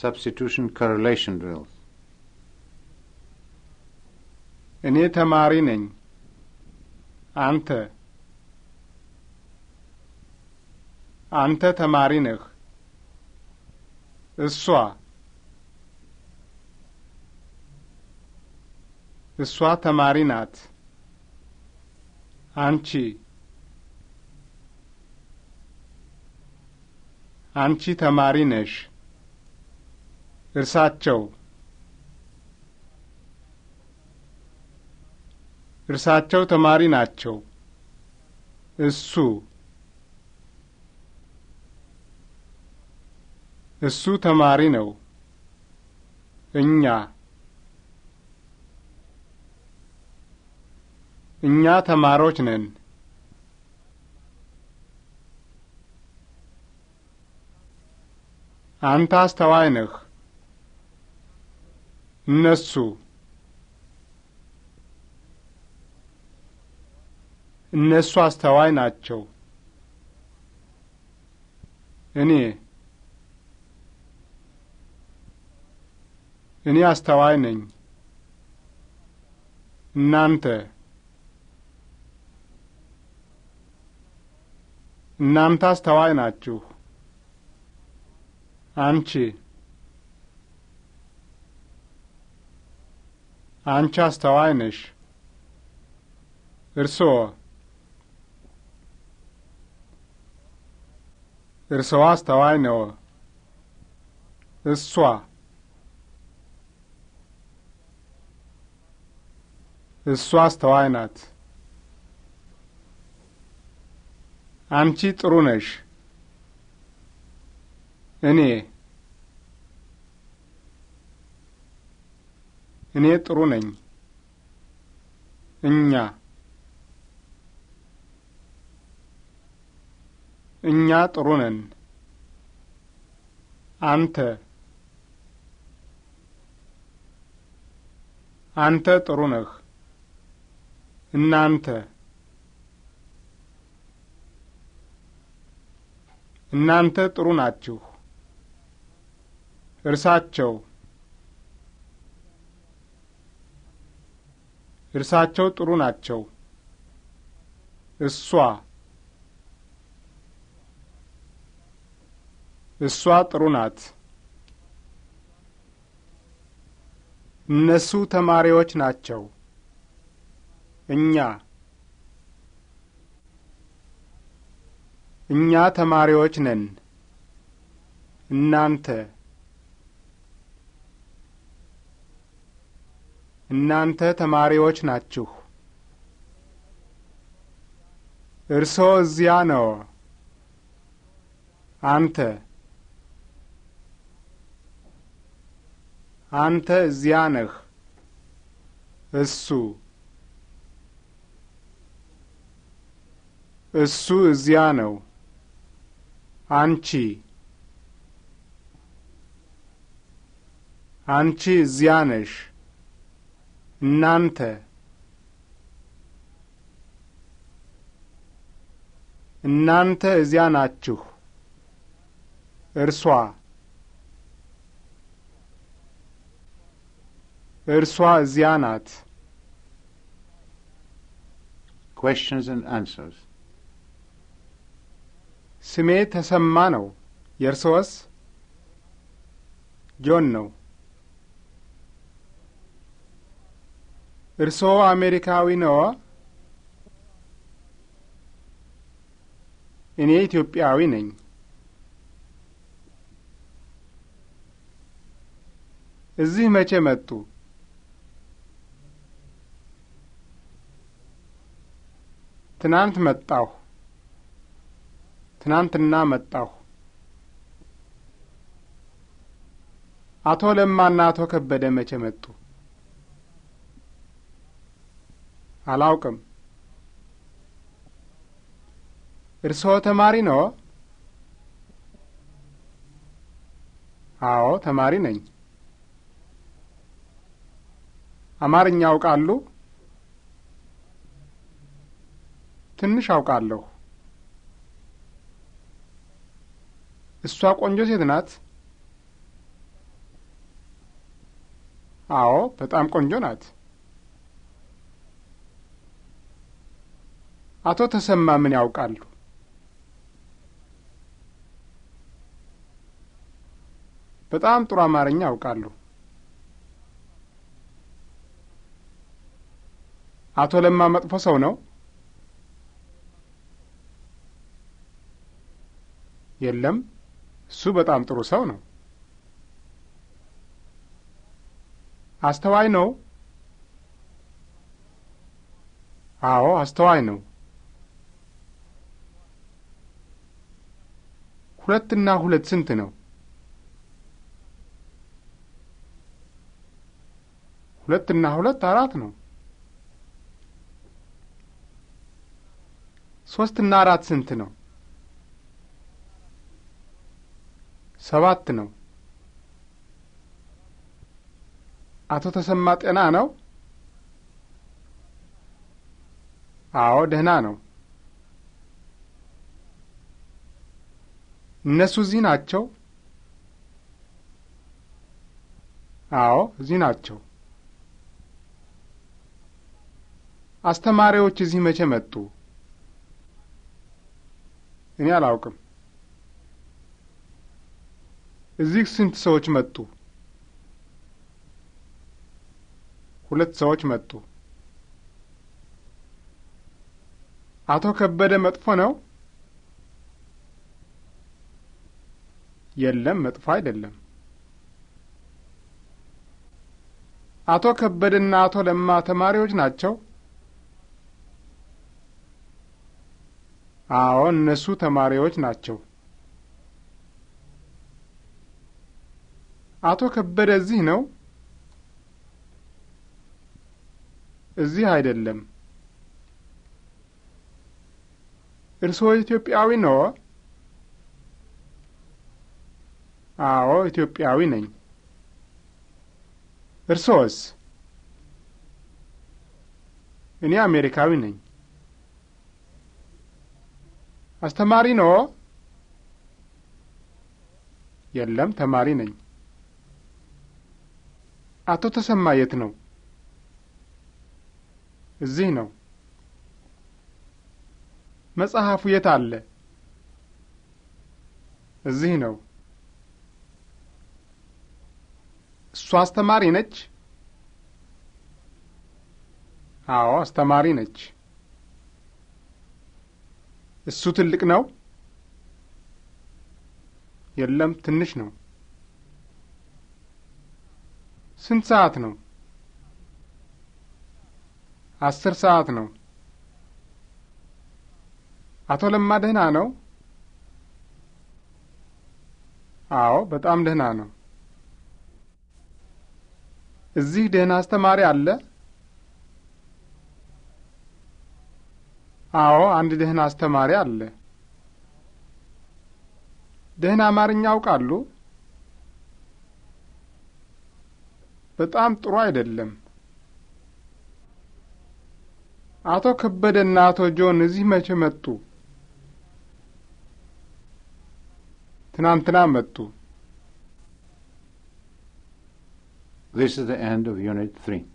substitution correlation drills. እኔ ተማሪ ነኝ። አንተ አንተ ተማሪ ነህ። እሷ እሷ ተማሪ ናት። አንቺ አንቺ ተማሪ ነሽ። እርሳቸው እርሳቸው ተማሪ ናቸው። እሱ እሱ ተማሪ ነው። እኛ እኛ ተማሪዎች ነን። አንተ አስተዋይ ነህ። እነሱ እነሱ አስተዋይ ናቸው። እኔ እኔ አስተዋይ ነኝ። እናንተ እናንተ አስተዋይ ናችሁ። አንቺ አንቺ አስተዋይ ነሽ። እርስዎ እርስዋ አስተዋይ ነው። እሷ እሷ አስተዋይ ናት። አንቺ ጥሩ ነሽ። እኔ እኔ ጥሩ ነኝ። እኛ እኛ ጥሩ ነን። አንተ አንተ ጥሩ ነህ። እናንተ እናንተ ጥሩ ናችሁ። እርሳቸው እርሳቸው ጥሩ ናቸው። እሷ እሷ ጥሩ ናት። እነሱ ተማሪዎች ናቸው። እኛ እኛ ተማሪዎች ነን። እናንተ እናንተ ተማሪዎች ናችሁ። እርሶ እዚያ ነው። አንተ አንተ እዚያ ነህ። እሱ እሱ እዚያ ነው። አንቺ አንቺ እዚያ ነሽ። እናንተ እናንተ እዚያ ናችሁ። እርሷ እርሷ እዚያ ናት። questions and answers ስሜ ተሰማ ነው። የእርስዎስ? ጆን ነው። እርስዎ አሜሪካዊ ነዎ? እኔ ኢትዮጵያዊ ነኝ። እዚህ መቼ መጡ? ትናንት መጣሁ። ትናንትና መጣሁ። አቶ ለማና አቶ ከበደ መቼ መጡ? አላውቅም። እርስዎ ተማሪ ነው? አዎ ተማሪ ነኝ። አማርኛ አውቃሉ ትንሽ አውቃለሁ። እሷ ቆንጆ ሴት ናት? አዎ በጣም ቆንጆ ናት። አቶ ተሰማ ምን ያውቃሉ? በጣም ጥሩ አማርኛ ያውቃሉ። አቶ ለማ መጥፎ ሰው ነው? የለም፣ እሱ በጣም ጥሩ ሰው ነው። አስተዋይ ነው? አዎ፣ አስተዋይ ነው። ሁለትና ሁለት ስንት ነው? ሁለትና ሁለት አራት ነው። ሶስትና አራት ስንት ነው? ሰባት ነው። አቶ ተሰማ ጤና ነው? አዎ ደህና ነው። እነሱ እዚህ ናቸው? አዎ እዚህ ናቸው። አስተማሪዎች እዚህ መቼ መጡ? እኔ አላውቅም። እዚህ ስንት ሰዎች መጡ? ሁለት ሰዎች መጡ። አቶ ከበደ መጥፎ ነው? የለም መጥፎ አይደለም። አቶ ከበደና አቶ ለማ ተማሪዎች ናቸው? አዎ እነሱ ተማሪዎች ናቸው። አቶ ከበደ እዚህ ነው? እዚህ አይደለም። እርስዎ ኢትዮጵያዊ ነው? አዎ ኢትዮጵያዊ ነኝ። እርሶስ እኔ አሜሪካዊ ነኝ። አስተማሪ ነው? የለም፣ ተማሪ ነኝ። አቶ ተሰማ የት ነው? እዚህ ነው። መጽሐፉ የት አለ? እዚህ ነው። እሷ አስተማሪ ነች? አዎ አስተማሪ ነች። እሱ ትልቅ ነው? የለም ትንሽ ነው። ስንት ሰዓት ነው? አስር ሰዓት ነው። አቶ ለማ ደህና ነው? አዎ በጣም ደህና ነው። እዚህ ደህና አስተማሪ አለ? አዎ፣ አንድ ደህና አስተማሪ አለ። ደህና አማርኛ ያውቃሉ? በጣም ጥሩ አይደለም። አቶ ከበደና አቶ ጆን እዚህ መቼ መጡ? ትናንትና መጡ። This is the end of Unit 3.